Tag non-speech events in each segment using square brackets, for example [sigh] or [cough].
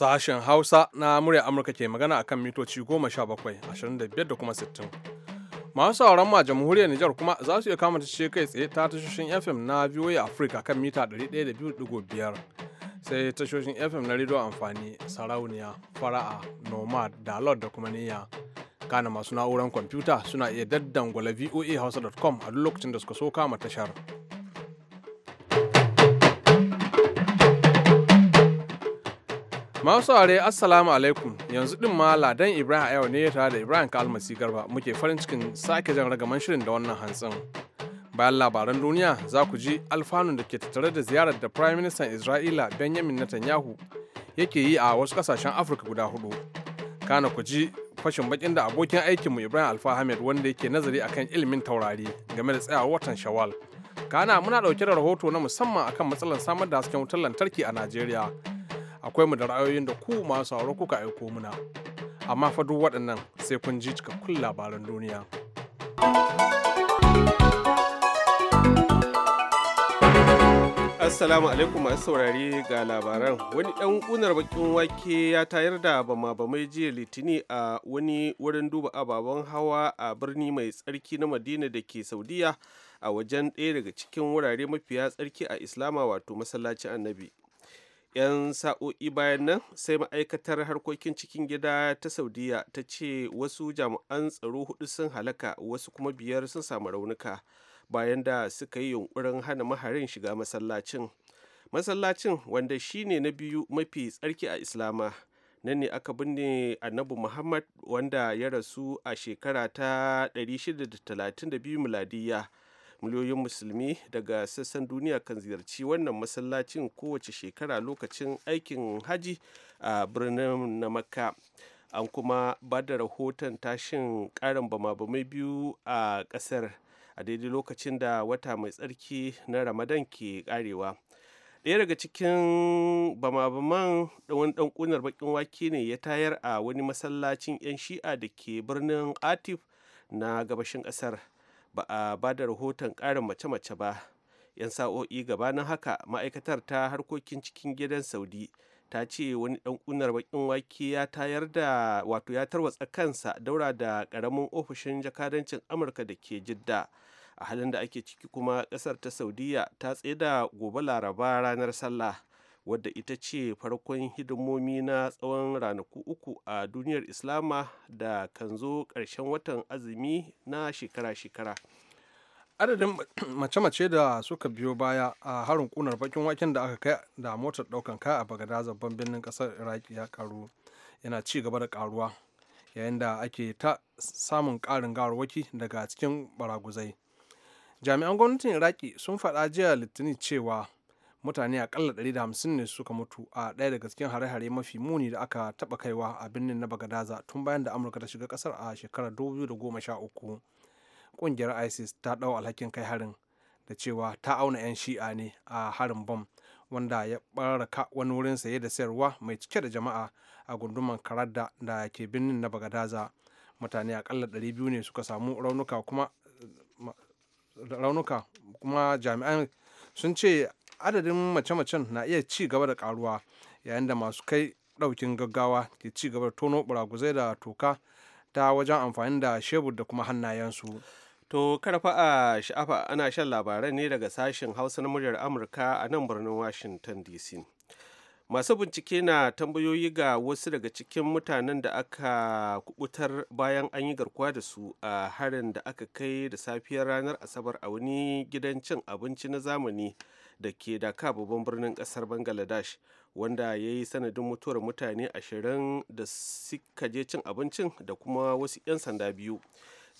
Sashen Hausa na murya Amurka ke magana a kan mitoci bakwai ashirin da kuma 60. Masu sauran ma jamhuriyar Nijar kuma za su iya kama ce kai tsaye ta tashoshin FM na VOA afirka kan mita 102.5 sai tashoshin FM na radio amfani sarauniya, fara'a, nomad, lord da kuma niyya. kana masu na'urar kwamfuta suna iya daddangwala hausa.com a duk lokacin da suka so kama tashar. Masu aure assalamu alaikum yanzu din ma ladan Ibrahim yau ne tare da Ibrahim Kalmasi Garba muke farin cikin sake jan ragaman shirin da wannan hantsin. Bayan labaran duniya za ku ji alfanun da ke tattare da ziyarar da Prime Minister Isra'ila Benjamin Netanyahu yake yi a wasu kasashen Afirka guda hudu. Kana ku ji fashin bakin da abokin aikinmu Ibrahim Alfa Ahmed wanda yake nazari akan ilimin taurari game da tsayawar watan Shawwal. Kana muna dauke da rahoto na musamman akan matsalar samar da hasken wutar lantarki a Najeriya. akwai mu da ra'ayoyin da ku masu sauro kuka aiko muna amma fa duk waɗannan sai kun ji cikakkun labaran duniya Assalamu alaikum masu saurare ga labaran. Wani ɗan ƙunar bakin wake ya tayar da bama mai jiya litini a wani wurin duba ababen hawa a birni mai tsarki na Madina da ke Saudiya a wajen ɗaya daga cikin wurare mafiya tsarki a Islama wato masallacin annabi. 'yan sa'o'i bayan nan sai ma'aikatar harkokin cikin gida ta saudiya ta ce wasu jami'an tsaro hudu sun halaka wasu kuma biyar sun samu raunuka bayan da suka yi yunkurin hana maharin shiga masallacin masallacin wanda shine na biyu mafi tsarki a islama nan ne aka binne annabi muhammad wanda ya rasu a shekara ta 632 miladiyya miliyoyin musulmi daga sassan duniya kan ziyarci wannan masallacin kowace shekara lokacin aikin haji a birnin na makka an kuma ba da rahoton tashin karin bama biyu a kasar a daidai lokacin da wata mai tsarki na ramadan ke karewa ɗaya daga cikin bama-baman wani ɗan ƙunar baƙin wake ne ya tayar a wani masallacin 'yan shi'a da ke birnin atif na gabashin ƙasar ba a ba da rahoton ƙarin mace-mace ba 'yan sa'o'i gabanin haka ma'aikatar ta harkokin cikin gidan saudi ta ce wani dan kunar bakin wake ya tayar da wato ya tarwatsa kansa daura da karamin ofishin jakadancin amurka da ke jidda a halin da ake ciki kuma kasar ta saudiya ta tsaye da gobe laraba ranar sallah wadda ita ce farkon hidimomi na tsawon ranaku uku a duniyar islama da kan zo ƙarshen watan azumi na shekara-shekara adadin [clears throat] mace-mace da suka biyo baya a harin kunar bakin waken da aka kai da motar daukan kaya a bagada birnin kasar iraki ya karu yana ci gaba da karuwa yayin da ake ta samun karin gawarwaki daga cikin baraguzai jami'an gwamnatin iraki sun faɗa jiya litinin cewa mutane akalla 150 ne suka mutu a ɗaya daga cikin hare-hare mafi muni da aka taɓa kaiwa a birnin na bagadaza tun bayan da amurka ta shiga ƙasar a shekarar 2013 ƙungiyar isis ta ɗau alhakin kai harin da cewa ta auna 'yan shi'a ne a harin bom wanda ya baraka wani wurin saye da sayarwa mai cike da jama'a a gunduman karada da ke birnin na bagadaza mutane akalla 200 ne suka samu raunuka kuma raunuka kuma jami'an sun ce adadin mace-macen na iya ci gaba da karuwa yayin da masu kai daukin gaggawa ke ci gaba da tono buraguzai da toka ta wajen amfani da shebur da kuma hannayensu. To karfa a sha'afa ana shan labaran ne daga sashen Hausa na muryar Amurka a nan birnin Washington DC. Masu bincike na tambayoyi ga wasu daga cikin mutanen da aka kubutar bayan an yi garkuwa da su a harin da aka kai da safiyar ranar Asabar a wani gidan cin abinci na zamani da ke daka babban birnin kasar bangladesh wanda ya yi sanadin mutuwar mutane ashirin da suka je cin abincin da kuma wasu 'yan sanda biyu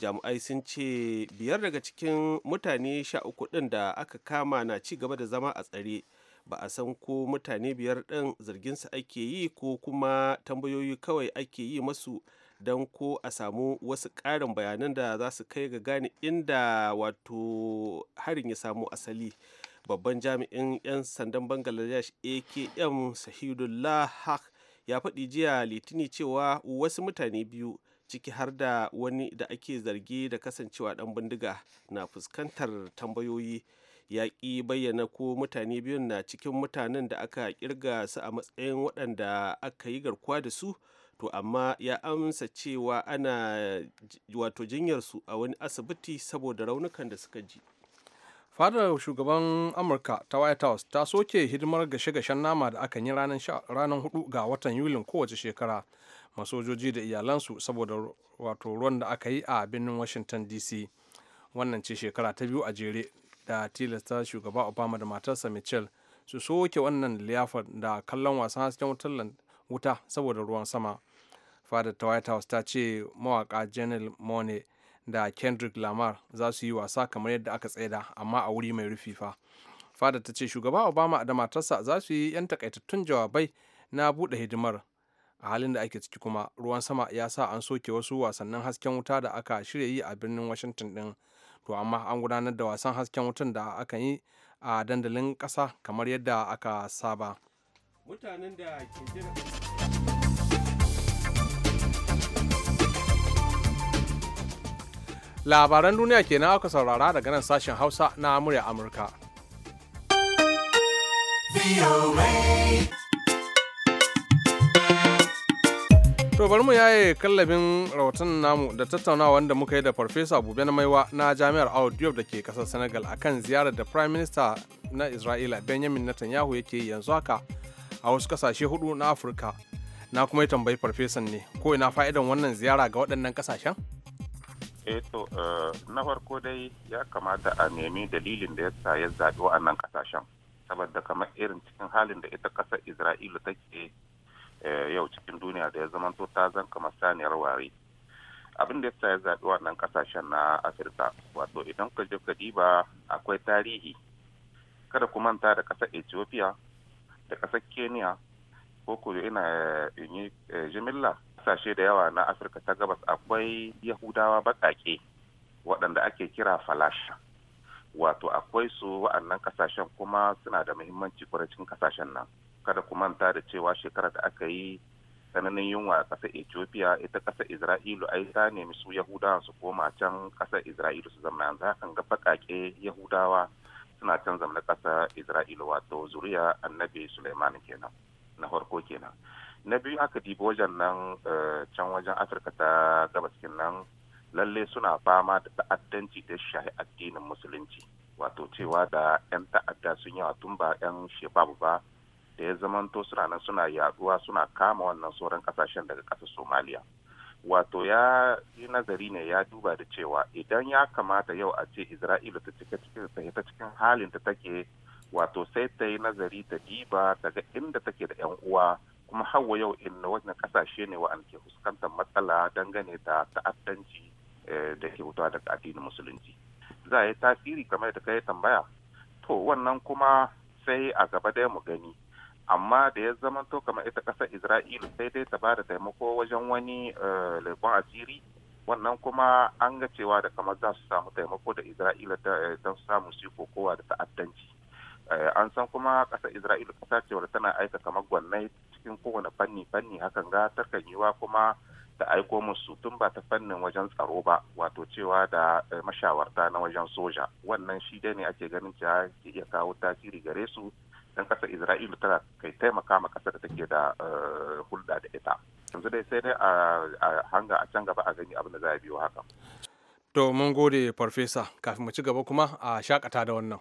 jami'ai sun ce biyar daga cikin mutane sha uku ɗin da aka kama na ci gaba da zama a tsare ba a san ko mutane biyar ɗin zarginsu ake yi ko kuma tambayoyi kawai ake yi masu don ko a samu wasu ƙarin bayanan da za su kai ga gane inda wato harin ya samu asali babban jami'in 'yan sandan bangladesh akm sahidullah haq ya faɗi jiya litini cewa wasu mutane biyu ciki har da wani da ake zargi da kasancewa ɗan bindiga na fuskantar tambayoyi ya ƙi bayyana ko mutane biyun na cikin mutanen da aka kirga su a matsayin waɗanda aka yi garkuwa da su to amma ya amsa cewa ana wato jinyarsu a wani asibiti saboda raunukan da suka ji. fadar shugaban amurka ta white house ta soke hidimar gashe-gashen nama da aka yi ranar hudu ga watan yulin kowace shekara masojoji da iyalansu saboda wato ruwan da aka yi a birnin washington dc wannan ce shekara ta biyu a jere da tilasta shugaba obama da matarsa mitchell su soke wannan liyafar da kallon wasan hasken wuta saboda ruwan sama fadar ta white house ta ce mawaka janel mone da kendrick lamar za su yi wasa kamar yadda aka tsaida amma a wuri mai rufi fa fada ta ce shugaba obama da matarsa za su yi 'yan takaitattun jawabai na buɗe hidimar a halin da ake ciki kuma ruwan sama ya sa an soke wasu wasannin hasken wuta da aka shirya yi a birnin washington din to amma an gudanar da wasan hasken wutan da aka yi a dandalin ƙasa kamar yadda aka saba mutanen da ke labaran duniya kenan aka saurara daga nan sashen hausa na murya amurka To bari mu yaye kallabin rahoton namu da tattaunawa wanda muka yi da Farfesa Bube na Maiwa na Jami'ar Awad Diop da ke kasar Senegal akan ziyarar da Prime Minister na Isra'ila Benjamin Netanyahu yake yi yanzu haka a wasu kasashe hudu na Afirka. Na kuma yi tambayi Farfesan ne ko ina fa'idan wannan ziyara ga waɗannan kasashen? eto eh eh, na farko dai ya kamata a nemi dalilin da ya sa ya zaɓi wa'annan kasashen saboda kamar irin cikin halin da ita ƙasar isra'ila take eh, yau cikin duniya da ya zamanto ta zan kamar saniyar ware abin da ya sa ya zaɓi wa'annan ƙasashen na afirka wato idan ka je ka diba akwai tarihi kada ku manta da ƙasar ethiopia da ƙasar kenya ko ku ina jimilla kasashe da yawa na afirka ta gabas akwai yahudawa baƙaƙe waɗanda ake kira falasha wato akwai su wa'annan kasashen kuma suna da muhimmanci cikin kasashen nan kada kuma manta da cewa shekarar da aka yi tsananin yunwa a ƙasar ethiopia ita ƙasar isra'ilu ai ta nemi su yahudawa su koma can ƙasar isra'ilu su zama yanzu hakan ga baƙaƙe yahudawa suna can zama na ƙasar isra'ilu wato zuriya annabi suleiman kenan na farko kenan na biyu aka dibi wajen nan eh, can wajen afirka ta gabas nan lalle suna fama da ta'addanci da shahi addinin musulunci wato cewa da 'yan ta'adda sun yawa tun ba 'yan shebabu ba da ya zamanto suna nan suna yaduwa suna kama wannan sauran kasashen daga ƙasar somaliya wato ya yi nazari ne ya duba da cewa idan ya kamata yau a ce isra'ila ta cika cikin ta cikin halin ta take wato sai ta yi nazari ta diba daga inda take da yan uwa kuma hawa yau in wajen kasashe ne wa'an ke fuskantar matsala dangane da ta'addanci eh, da ke fitowa daga addinin musulunci za a yi tasiri kamar da kai tambaya to wannan kuma sai a gaba dai mu gani amma da ya zama to kamar ita ƙasar isra'ila sai dai ta ba da taimako wajen wani eh, leƙon asiri wannan kuma an ga cewa da kamar za su samu taimako da isra'ila eh, don samu su kowa da ta'addanci an san kuma ƙasar isra'ila ƙasa ce tana aika kamar gwannai cikin kowane fanni fanni hakan ga yi yiwa kuma ta aiko musu tun ba ta fannin wajen tsaro ba wato cewa da eh, mashawarta na wajen soja wannan shi dai ne ake ganin cewa ke iya kawo tasiri gare su dan kasa isra'ilu tana kai taimaka ma kasa da take da eh, hulɗa da ita yanzu dai sai dai a hanga a can gaba a gani abin da za a biyo haka to mun gode farfesa kafin mu ci gaba kuma a shakata da wannan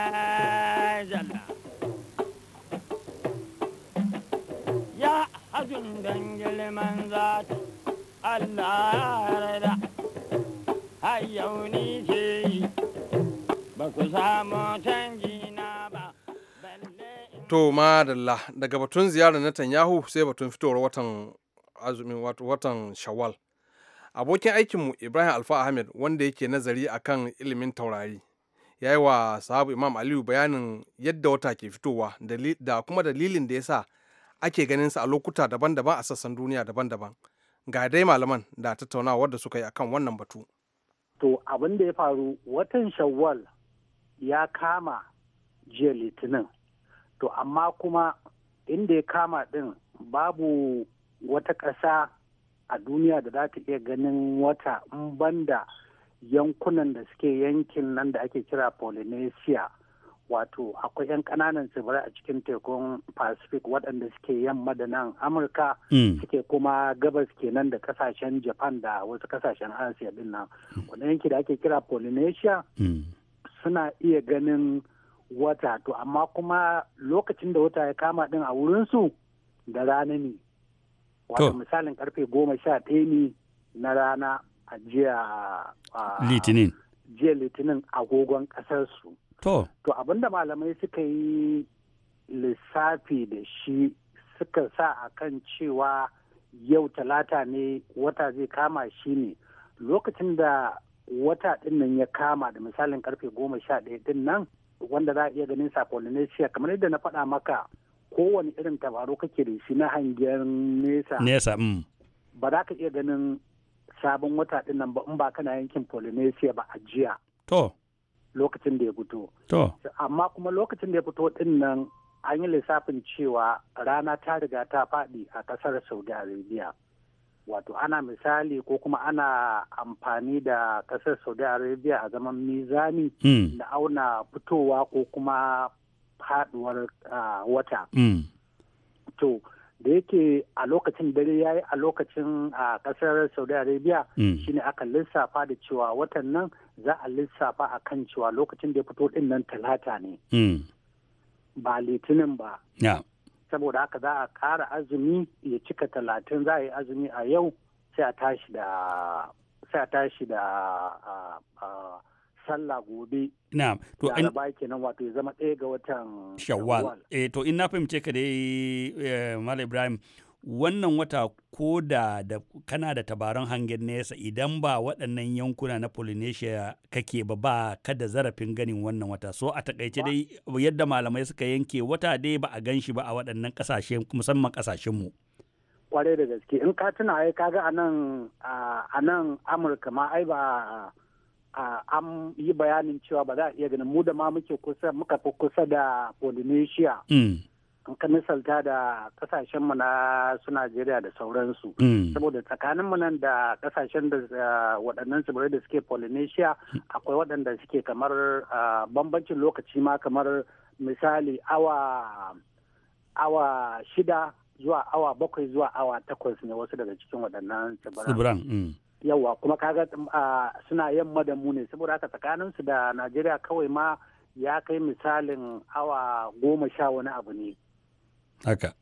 Allah yarda ni ba ku samu ba to madalla daga batun ziyarar Netanyahu sai batun fitowar watan azumin watan Shawwal abokin aikinmu Ibrahim Alfa Ahmed wanda yake nazari akan ilimin taurari ya yi wa sahabu Imam Aliyu bayanin yadda wata ke fitowa da kuma dalilin da ya sa ake ganin sa a lokuta daban-daban a sassan duniya daban-daban. ga dai malaman da tattaunawar da suka yi akan wannan batu to abin da ya faru watan shawwal ya kama jiya litinin to amma kuma inda ya kama din babu wata ƙasa a duniya da za ta iya ganin wata in banda yankunan da suke yankin nan da ake kira polynesia wato akwai 'yan ƙananan tsibirai a cikin tekun pacific waɗanda suke yamma da nan amurka mm. suke kuma gabas kenan da kasashen japan da wasu kasashen asiya din nan wani yanki da ake kira polynesia mm. suna iya ganin wata to amma kuma lokacin da wata ya kama din a wurinsu da rana ne wato misalin karfe goma sha ɗaya ne na rana a jiya litinin jiya agogon ƙasarsu To. To abinda malamai suka yi lissafi da shi suka sa a kan cewa yau talata ne wata zai kama shi ne lokacin da wata din nan ya kama da misalin karfe goma sha ɗaya din nan wanda za a iya ganin sa sakonnin kamar yadda na faɗa maka kowane irin tabaro kake da shi na hangen nesa. Nesa, mm. Ba za ka iya ganin sabon wata din nan ba in ba kana yankin Polynesia ba a jiya. To. lokacin da ya fito. Amma kuma lokacin da ya fito din nan an yi lissafin cewa rana ta riga ta faɗi a ƙasar Saudi Arabia. Wato ana misali ko kuma ana amfani da ƙasar Saudi Arabia a zaman mizani hmm. da auna fitowa ko kuma faɗuwar ah, wata. Hmm. To, da yake a lokacin dare ya yi a lokacin a kasar saudi arabia mm. shine aka lissafa da cewa watan nan za a lissafa a kan cewa lokacin da ya fito din nan talata ne mm. ba litinin ba saboda haka za a kara azumi ya cika talatin za a yi azumi a yau sai a tashi da sai a tashi da sallah gobe na'am to an ba kenan wato ya zama ɗaya ga watan shawwal eh to in na fahimce ka dai eh, malam ibrahim wannan wata ko da kana da tabaran hangen nesa idan ba waɗannan yankuna na polynesia kake ba ba kada zarafin ganin wannan wata so a takaice dai yadda malamai suka yanke wata dai ba a gan shi ba a waɗannan ƙasashe musamman ƙasashenmu kwarai da gaske in ka tuna ai kaga a nan a nan amurka ma ai ba an yi bayanin cewa ba za a iya ganin mu da ma muke kusa muka fi kusa da Polynesia. Mm. an ka misalta da kasashen mu na su Najeriya da sauransu. Mm. Saboda tsakanin mu nan da kasashen da waɗannan tsibirai da suke Polynesia mm. akwai waɗanda suke kamar bambancin lokaci ma kamar misali awa awa shida zuwa awa bakwai zuwa awa takwas ne wasu daga cikin waɗannan tsibiran. yawa kuma kaga ah, suna yamma da mu ne saboda haka tsakaninsu da najeriya kawai ma ya kai misalin awa goma sha wani abu ne haka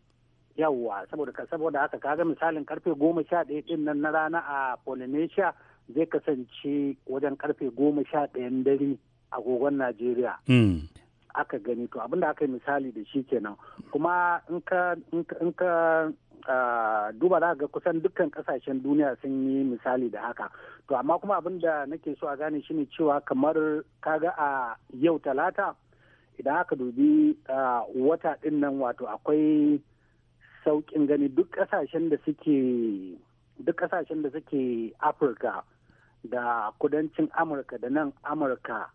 yawa saboda saboda haka kaga misalin karfe goma sha ɗaya ɗin nan na rana a polynesia zai kasance wajen karfe goma sha ɗayan dare agogon najeriya hmm. aka gani to abinda aka yi misali da shi kenan kuma in ka duba za ga kusan dukkan kasashen duniya sun yi misali da haka to amma kuma abin da nake so a gane shine cewa kamar kaga a yau talata idan aka dubi wata din nan wato akwai sauƙin gani duk kasashen da suke duk kasashen da suke afirka da kudancin amurka da nan amurka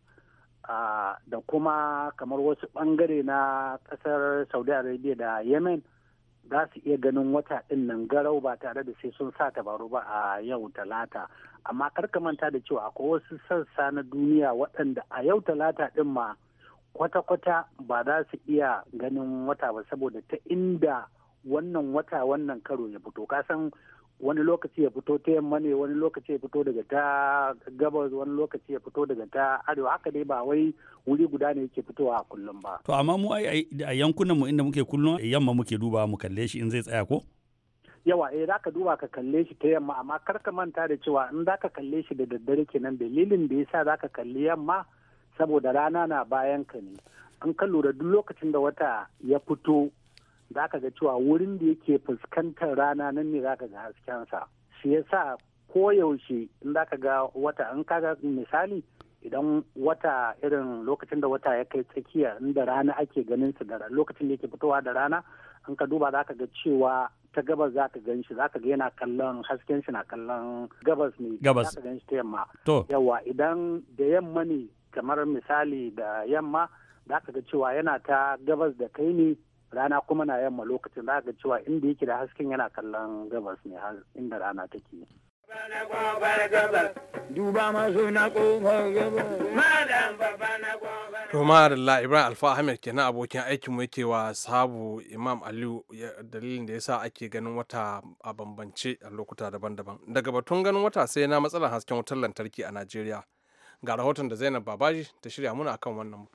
da kuma kamar wasu bangare na kasar saudi arabia da yemen za su iya ganin wata ɗin nan garau ba tare da sai sun sa tabaru ba a yau talata amma karka manta da cewa akwai wasu sassa na duniya waɗanda a yau talata ɗin ma kwata-kwata ba za su iya ganin wata ba saboda ta inda wannan wata wannan karo ya fito kasan wani lokaci ya fito ta yamma ne wani lokaci ya fito daga ta gabas wani lokaci ya fito daga ta arewa haka dai ba wai wuri guda ne yake fitowa a kullum ba to amma mu ai a yankunan mu inda muke kullum yamma muke duba mu kalle shi in zai tsaya ko yawa eh zaka duba ka kalle shi ta yamma amma kar ka manta da cewa in zaka kalle shi da daddare kenan dalilin da ya yasa zaka kalli yamma saboda rana na bayan ka ne an ka lura duk lokacin da wata ya fito za ka ga cewa wurin da yake fuskantar rana nan ne za ka ga haskensa shi sa koyaushe in za ka ga wata in kaga misali idan wata irin lokacin da wata ya kai tsakiya inda rana ake ganin su da lokacin da yake fitowa da rana in ka duba za ka ga cewa ta gabas za ka gan shi za ka ga yana kallon hasken shi na kallon gabas ne gabas za ka gan shi ta yamma yawa idan da yamma ne kamar misali da yamma za ka ga cewa yana ta gabas da kai ne rana kuma na yamma lokacin za ka cewa inda yake da hasken yana kallon gabas ne inda rana take Duba masu na ƙofar gabas. Roma da Ibrahim Alfa Ahmed na abokin aikinmu yake wa sabu Imam Aliyu dalilin da ya sa ake ganin wata a bambance a lokuta daban-daban. Daga batun ganin wata sai na matsalar hasken wutar lantarki a Najeriya. Ga rahoton da Zainab Babaji ta shirya muna akan wannan.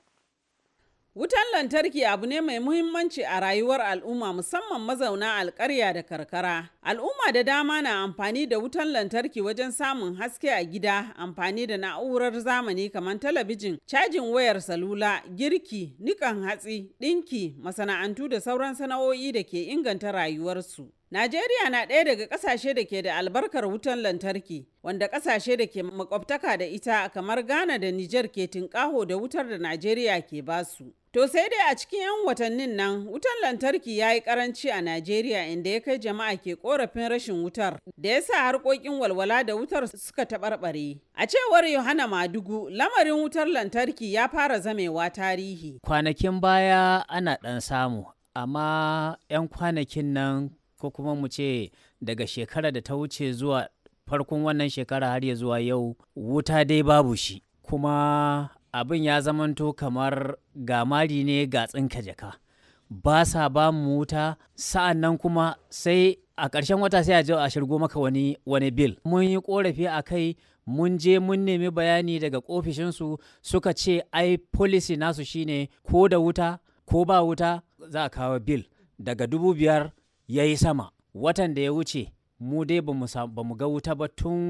Wutan lantarki abu ne mai muhimmanci a rayuwar al'umma musamman mazauna alkarya da karkara. Al'umma da dama na amfani da wutan lantarki wajen samun haske a gida, amfani da na'urar zamani kamar talabijin, cajin wayar salula, girki, nikan hatsi, ɗinki, masana'antu da sauran sana'o'i da ke inganta rayuwarsu. Najeriya na ɗaya daga ƙasashe da ke da albarkar wutan lantarki, wanda ƙasashe da ke makwabtaka da ita kamar Ghana da Nijar ke tinƙaho da wutar da Najeriya ke basu. To sai dai a cikin 'yan watannin nan wutan lantarki ya yi karanci a Najeriya inda ya kai jama'a ke korafin rashin wutar da ya sa harkokin walwala da wutar suka taɓarɓare. A cewar Yohana Madugu lamarin wutar lantarki ya fara zamewa tarihi. Kwanakin baya ana ɗan samu amma 'yan kwanakin nan ko kuma mu ce daga shekara da ta wuce zuwa farkon wannan shekara har ya zuwa yau wuta dai babu shi. Kuma abin ya zamanto kamar gamari ne ga tsinka jaka ba sa ba mu wuta sa'an nan kuma sai a ƙarshen wata sai a a shirgo maka wani wani bil mun yi ƙorafi a kai mun je mun nemi bayani daga ofishinsu suka ce ai policy nasu shine ko da wuta ko ba wuta za a kawo bil daga dubu biyar ya yi sama watan da ya wuce mu dai ba mu ga wuta ba tun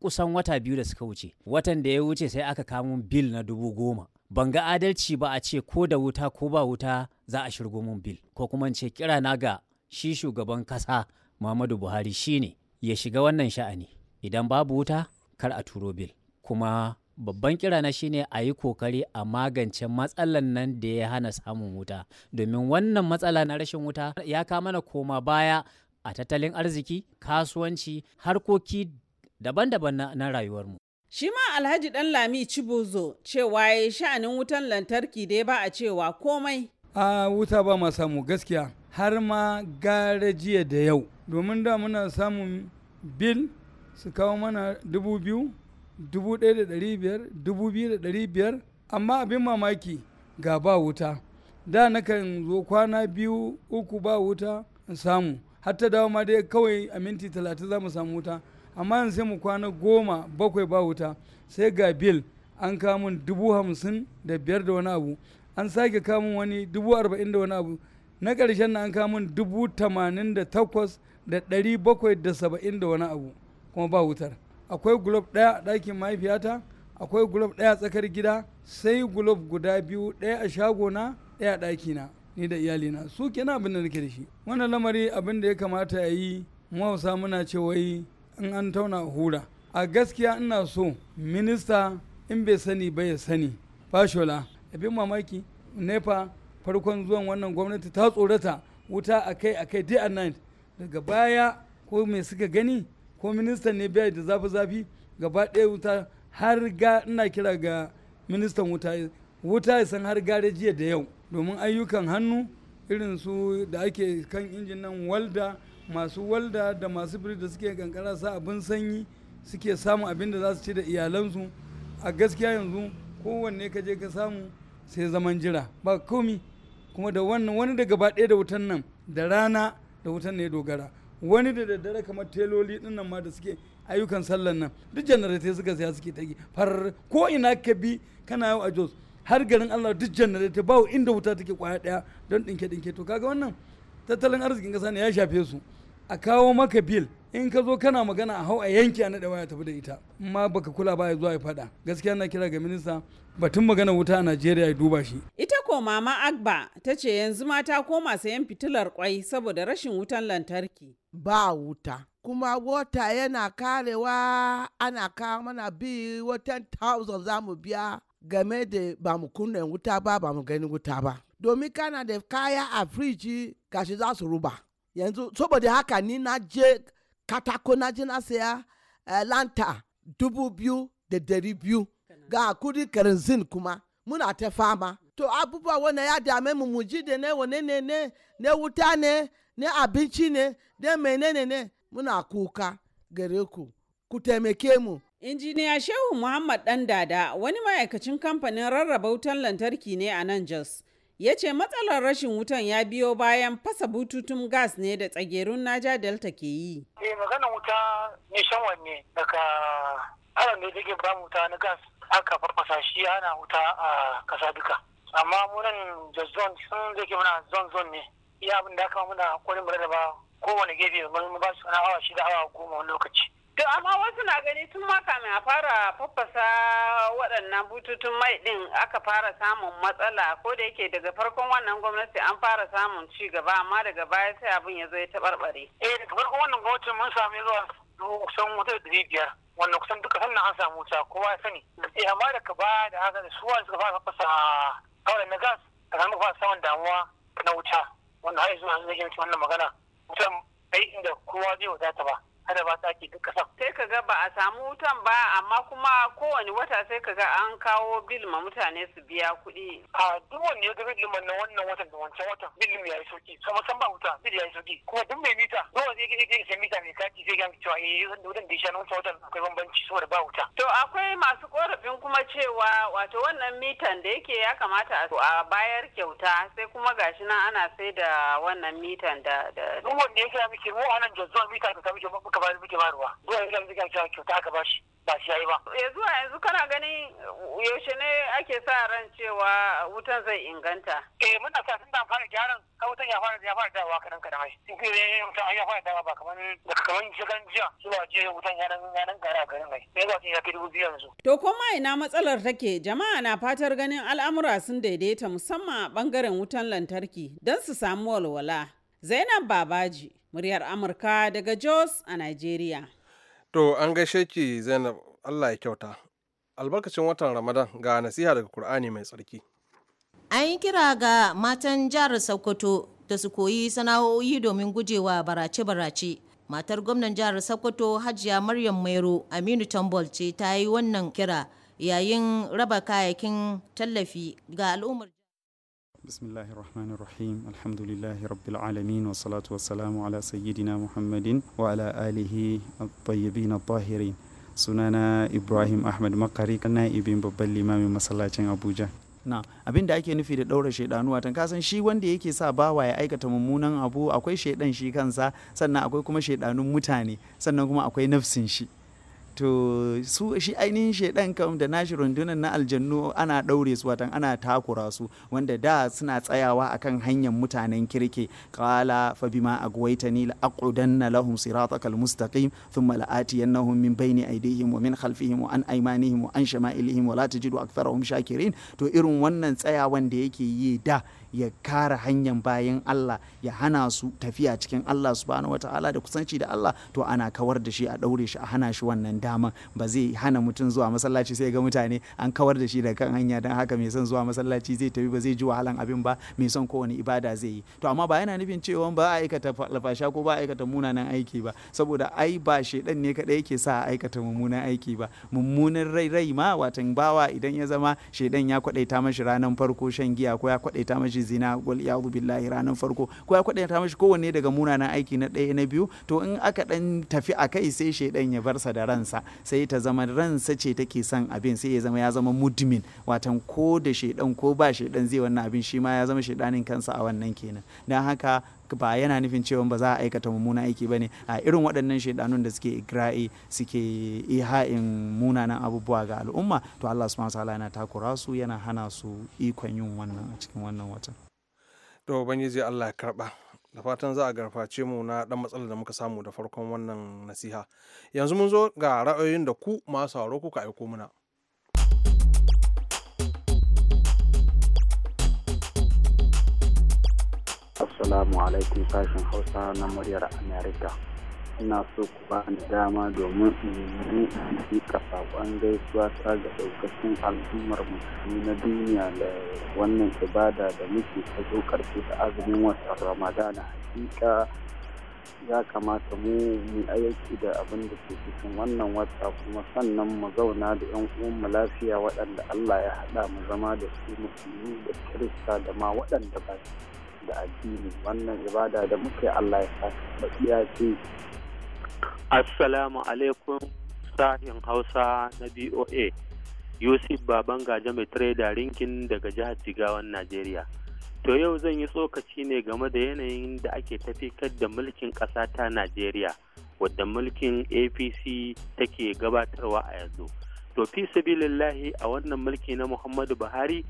kusan wata biyu da suka wuce watan da ya wuce sai aka kamo bil na dubu goma ban ga adalci ba a ce ko da wuta ko ba wuta za a shirgo mun bil ko kuma ce kira na ga shi shugaban kasa muhammadu buhari shine ya shiga wannan sha'ani idan babu wuta kar a turo bil kuma babban kira na shine a yi kokari a magance matsalan nan da ya hana samun wuta domin wannan matsala na rashin wuta ya kama na koma baya a tattalin arziki kasuwanci harkoki daban-daban na rayuwarmu shi ma alhaji dan lami cibozo cewa ya sha'anin wutan lantarki dai ba a cewa komai a wuta ba ma samu gaskiya har ma gara jiya da yau domin da muna samun bil su kawo mana dubu biyu dubu ɗaya da ɗari biyar dubu biyu da ɗari biyar amma abin mamaki ga ba wuta da nakan zo kwana biyu uku ba wuta in samu har ta dawo ma dai kawai a minti talatin za mu samu wuta amma yanzu sai mu kwana goma bakwai ba wuta sai ga bil an kamo dubu hamsin da biyar da wani abu an sake kamo wani dubu arba'in da wani abu na ƙarshen na an kamo dubu tamanin da takwas da ɗari bakwai da saba'in da wani abu kuma ba wutar akwai gulob ɗaya a ɗakin mahaifiyata akwai gulob ɗaya tsakar gida sai gulob guda biyu ɗaya a shagona ɗaya a ɗakina ni da iyalina su kenan abin da nake da shi wannan lamari abin da ya kamata ya yi mu muna cewa wai in an tauna hura a gaskiya ina so minista in bai sani ba ya sani fashola abin mamaki nepa farkon zuwan wannan gwamnati ta tsorata wuta a kai day and night daga baya ko mai suka gani ko ministan ne bai da zafi zafi gaba ɗaya wuta har ga ina kira ga ministan wuta wuta ya san har gare jiya da yau domin ayyukan hannu irin su da ake kan injin nan walda masu walda da masu biri da suke kankara sa abin sanyi suke samun abin da za su ci da iyalansu a gaskiya yanzu kowanne ka je ka samu sai zaman jira ba komi kuma da wannan wani da gaba ɗaya da wutan nan da rana da wutan ne dogara wani da daddare kamar teloli ɗin nan ma da suke ayyukan sallan nan duk janaratai suka saya suke tagi far ko ina ka bi kana yau a jos har garin Allah duk ta ba inda wuta take kwaya daya don dinke dinke to kaga wannan tattalin arzikin kasa ne ya shafe su a kawo maka bil in ka zo kana magana a hau a yanki a naɗa waya tafi da ita ma baka kula ba ya zuwa ya faɗa gaskiya na kira ga minista batun magana wuta a najeriya ya duba shi ita ko mama agba ta ce yanzu mata koma sayan fitilar kwai saboda rashin wutan lantarki ba wuta kuma wata yana karewa ana kawo mana bi watan 1000 zamu biya game da ba mu kunna wuta ba ba mu gani wuta ba domin kana da kaya a firiji gashi za su ruba yanzu saboda haka ni na je katako na je na saya eh, lanta dubu biyu da dari biyu ga kudi karinzin kuma muna ta fama to abubuwa wannan ya dame mu mu ji da ne wane ne ne ne wuta ne ne abinci ne ne menene ne muna kuka gare ku ku taimake mu Injiniya Shehu Muhammad Dan Dada wani ma'aikacin kamfanin rarraba wutan lantarki ne a nan Jos. Ya ce matsalar rashin wutan ya biyo bayan fasa bututun gas ne da tsagerun Naja Delta ke yi. Eh maganar wuta ne shanwan ne daga ala ne jirgin ba wuta na gas aka farfasa shi ana wuta a kasa duka. Amma munan Jos zon sun zai muna zon zon ne. Iya abin da aka muna kwarin rarraba kowane gefe mun ba su awa shida awa goma wani lokaci. To amma wasu na gani tun ma kamin a fara faffasa waɗannan bututun mai ɗin aka fara samun matsala ko da yake daga farkon wannan gwamnati an fara samun ci gaba amma daga baya sai abin ya zo ya taɓarɓare. Eh daga farkon wannan gwamnati mun sami zuwa kusan wata ɗari biyar wannan kusan duka sannan an samu wuta kowa ya sani. Eh amma daga baya da haka da su wani suka fara faffasa kawai na gas a kan fara samun damuwa na wuta wanda har yanzu an zai wannan magana wutan ai inda kowa zai wadata ba. kada ba sake ga kasa sai ka ga ba a samu wutan ba amma kuma kowane wata sai ka ga an kawo bil ma mutane su biya kuɗi a duk wani ya ga bil na wannan watan da wancan watan bil ya yi sauki sama san ba wuta bil ya yi sauki kuma duk mai mita duk wani ya ga ya ga mita mai kati zai ga cewa eh wutan da ya sha na wancan watan akwai bambanci saboda ba wuta to akwai masu korafin kuma cewa wato wannan mitan da yake ya kamata a bayar kyauta sai kuma gashi nan ana sai da wannan mitan da duk wani ya ga miki mu anan jazzuwa mita da ta miki muka ba muke bayarwa ruwa zuwa yanzu kan cewa kyauta aka bashi ba shi yayi ba eh, zuwa yanzu kana gani yaushe ne ake sa ran cewa wutan zai inganta eh muna sa tun da fara gyaran ka wutan ya fara ya fara dawa kadan kadan ai in kai ne wutan ya fara dawa ba kamar da kamar jigan jiya zuwa jiya wutan ya nan ya nan gara garin ai ne ba ya kai dubu biyu yanzu to ko ma ina matsalar take jama'a na fatar ganin al'amura sun daidaita musamman a bangaren wutan lantarki don su samu walwala Zainab Babaji muryar Amurka daga Jos a nigeria. To an gaishe ki Zainab Allah ya kyauta. Albarkacin watan Ramadan ga nasiha daga Kur'ani mai tsarki. An yi kira ga matan jihar Sokoto da su koyi sana'o'i domin gujewa barace-barace. Matar gwamnan jihar Sokoto Hajiya Maryam Mairo Aminu Tambol ce ta yi wannan kira yayin raba kayakin tallafi ga al'ummar. بسم الله الرحمن الرحيم الحمد لله رب العالمين والصلاة والسلام على سيدنا محمد وعلى آله الطيبين الطاهرين sunana ibrahim ahmad makari na'ibin babban limamin masallacin abuja na abin da ake nufi da ɗaura shaidanu watan kasan shi wanda yake sa bawa ya aikata mummunan abu akwai shaidan shi kansa sannan akwai kuma shaidanun mutane sannan kuma akwai nafsin shi to su shi ainihin shaidan kam da nashi rundunar na aljannu ana ɗaure su watan ana takura su wanda da suna tsayawa akan hanyar mutanen kirki qala fa bima ni la aqudanna lahum siratakal mustaqim thumma la atiyannahum min bayni aydihim wa min khalfihim wa an aymanihim wa an shama'ilihim wa la tajidu aktharahum shakirin to irin wannan tsayawan da yake yi da ya kare hanyar bayan Allah ya hana su tafiya cikin Allah subhanahu wataala da kusanci da Allah to ana kawar da shi a ɗaure shi a hana shi wannan dama ba zai hana mutum zuwa masallaci sai ga mutane an kawar da shi da kan hanya dan haka mai son zuwa masallaci zai tafi ba zai ji wahalan abin ba mai son kowane ibada zai yi to amma ba yana nufin cewa ba a aikata lafasha ko ba a aikata munanan aiki ba saboda ai ba shedan ne kadai yake sa a aikata mummunan aiki ba mummunan rai rai ma watan bawa idan ya zama shedan ya kwadaita mashi ranan farko shan giya ko ya kwadaita mashi zina wal iyadu billahi ranan farko ko ya kwadanta mashi kowanne daga munanan aiki na ɗaya na biyu to in aka dan tafi akai kai sai shaidan ya barsa da ransa sai ta zama ransa ce take son abin sai ya zama ya zama mudmin watan ko da shaidan ko ba shaidan zai wannan abin shi ma ya zama shaidanin kansa a wannan kenan dan haka ba yana nufin cewa ba za a aikata mummunan aiki ba ne a irin waɗannan shaidanun da suke igra'i suke iha'in munanan abubuwa ga al'umma to Allah subhanahu wataala yana takura su yana hana su ikon yin wannan a cikin wannan watan to ubangiji Allah ya karɓa da fatan za a garface mu na dan matsalar da muka samu da farkon wannan nasiha yanzu mun zo ga ra'ayoyin da ku masu sauraro kuka aiko muna. Assalamu alaikum sashen Hausa na muryar Amerika. Ina so ku ba ni dama domin in yi miƙa saƙon gaisuwa ta ga ɗaukacin al'ummar musulmi na duniya da wannan ibada da muke ta zo karfe ta azumin watan Ramadana. Hakika ya kamata mu mu aiki da abin da ke cikin wannan wata kuma sannan mu zauna da yan uwanmu lafiya waɗanda Allah ya haɗa mu zama da su musulmi da kirista da ma waɗanda ba su da addini wannan ibada da muke Allah ya sa ya ce assalamu alaikum sahin hausa na boa yusuf baban gaja mai trader rinkin daga jihar jigawan najeriya to yau zan yi tsokaci ne game da yanayin da ake tafi da mulkin ƙasa ta najeriya wadda mulkin apc take gabatarwa a yanzu to fi sabilillahi a wannan mulki na muhammadu buhari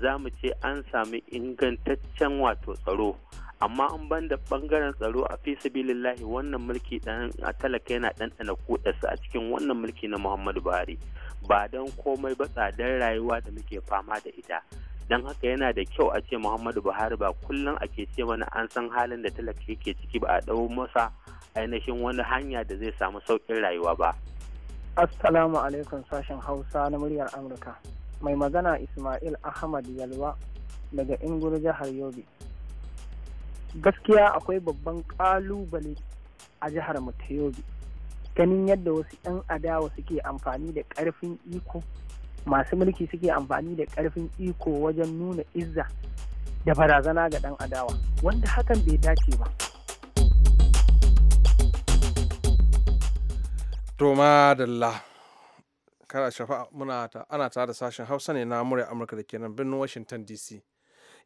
za mu ce an sami ingantaccen wato tsaro amma an ban da bangaren tsaro a fi sabilillahi wannan mulki dan a talaka yana ɗanɗana kudarsa a cikin wannan mulki na muhammadu buhari ba don komai ba tsadar rayuwa da muke fama da ita don haka yana da kyau a ce muhammadu buhari ba kullum ake ce mana an san halin da talaka yake ciki ba a ɗau masa ainihin wani hanya da zai samu sauƙin rayuwa ba assalamu alaikum sashen hausa na muryar amurka mai magana ismail ahmad yalwa daga ingur jihar yobe gaskiya akwai babban ƙalubale a jihar mu ta yobe ganin yadda wasu 'yan adawa suke amfani da ƙarfin iko masu mulki suke amfani da ƙarfin iko wajen nuna izza da barazana ga ɗan adawa wanda hakan bai dace ba to madalla kada shafa muna ana tare da sashen hausa ne na murya amurka da kenan nan birnin washington dc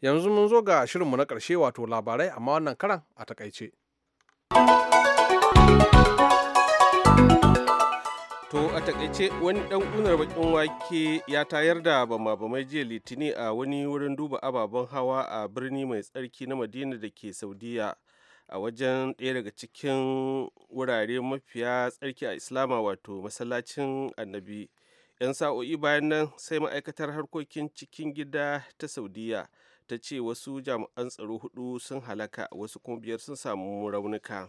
yanzu mun zo ga shirinmu na karshe wato labarai amma wannan karan a takaice to a takaice wani dan kunar bakin wake ya tayar da bama-bamai jiya litini a wani wurin duba ababen hawa a birni mai tsarki na madina da ke saudiya a wajen ɗaya daga cikin wurare mafiya tsarki a islama wato masallacin annabi yan sa'o'i bayan nan sai ma'aikatar harkokin cikin gida ta saudiya ta ce wasu jami'an tsaro hudu sun halaka wasu kuma biyar sun samu raunuka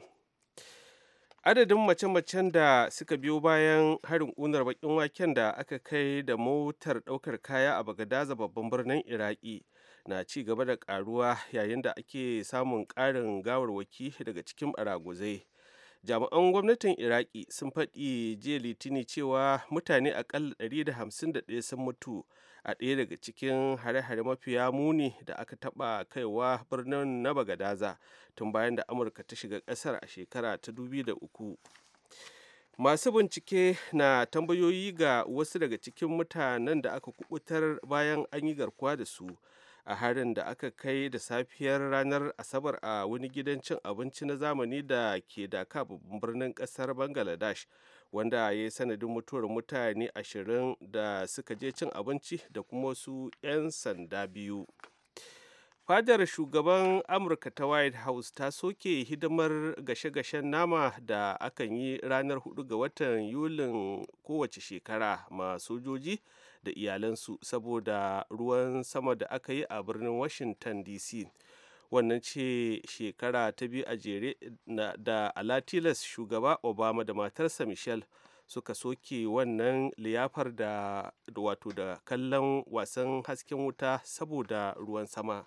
adadin mace-macen da suka biyo bayan harin ƙunar bakin waken da aka kai da motar ɗaukar kaya a bagadaza babban birnin iraki na ci gaba da karuwa yayin da ake samun ƙarin gawarwaki daga cikin baraguzai jami'an gwamnatin iraki sun faɗi jiya litini cewa mutane akalla ɗaya sun mutu a ɗaya daga cikin hare-hare mafiya muni da aka taɓa kaiwa birnin na bagadaza tun bayan da amurka ta shiga ƙasar a shekara ta da uku masu bincike na tambayoyi ga wasu daga cikin mutanen da aka kubutar bayan an yi garkuwa da su a harin da aka kai da safiyar ranar asabar a wani gidan cin abinci na zamani da ke daka babban birnin kasar bangladesh wanda ya yi sanadin mutuwar mutane ashirin da suka je cin abinci da kuma su 'yan sanda biyu fadar shugaban amurka ta white house ta soke hidimar gashe-gashen nama da akan yi ranar hudu ga watan yulin kowace shekara ma sojoji da iyalansu saboda ruwan sama da aka yi a birnin washington dc wannan ce shekara ta biyu a jere da alatilas shugaba obama da matarsa michelle suka soke wannan liyafar da wato da kallon wasan hasken wuta saboda ruwan sama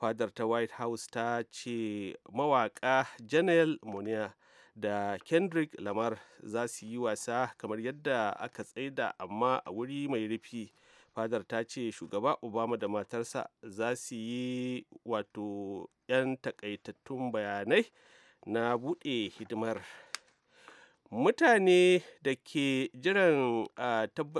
fadar ta white house ta ce mawaka janel monia da kendrick lamar za su yi wasa kamar yadda aka tsaida amma a wuri mai rufi fadar ta ce shugaba obama da matarsa za su yi wato 'yan takaitattun bayanai na buɗe hidimar mutane da ke jiran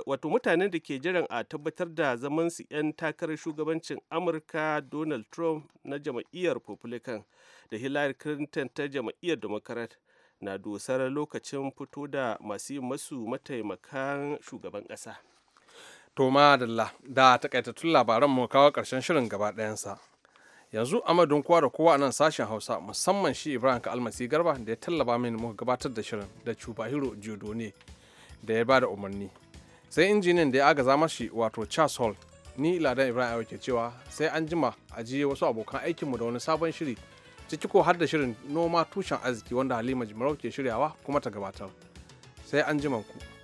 wato mutanen da ke jiran a tabbatar da zaman su 'yan takarar shugabancin amurka donald trump na jam'iyyar republican da hillary clinton ta jam'iyyar democrat na dosar lokacin fito da masu yi masu mataimakan shugaban ƙasa. To da takaitattun labaran mu kawo ƙarshen shirin gaba ɗayansa. Yanzu amadun kowa da kowa a nan sashen Hausa musamman shi Ibrahim Almasi Garba da ya tallaba mini muka gabatar da shirin da Cubahiro ne da ya ba da umarni. Sai injinin da ya agaza mashi wato Charles Hall ni Ladan Ibrahim ke cewa sai an jima a wasu abokan aikinmu da wani sabon shiri. ciki ko har da shirin noma tushen arziki wanda halima jimarau ke shiryawa kuma ta gabatar sai an ku.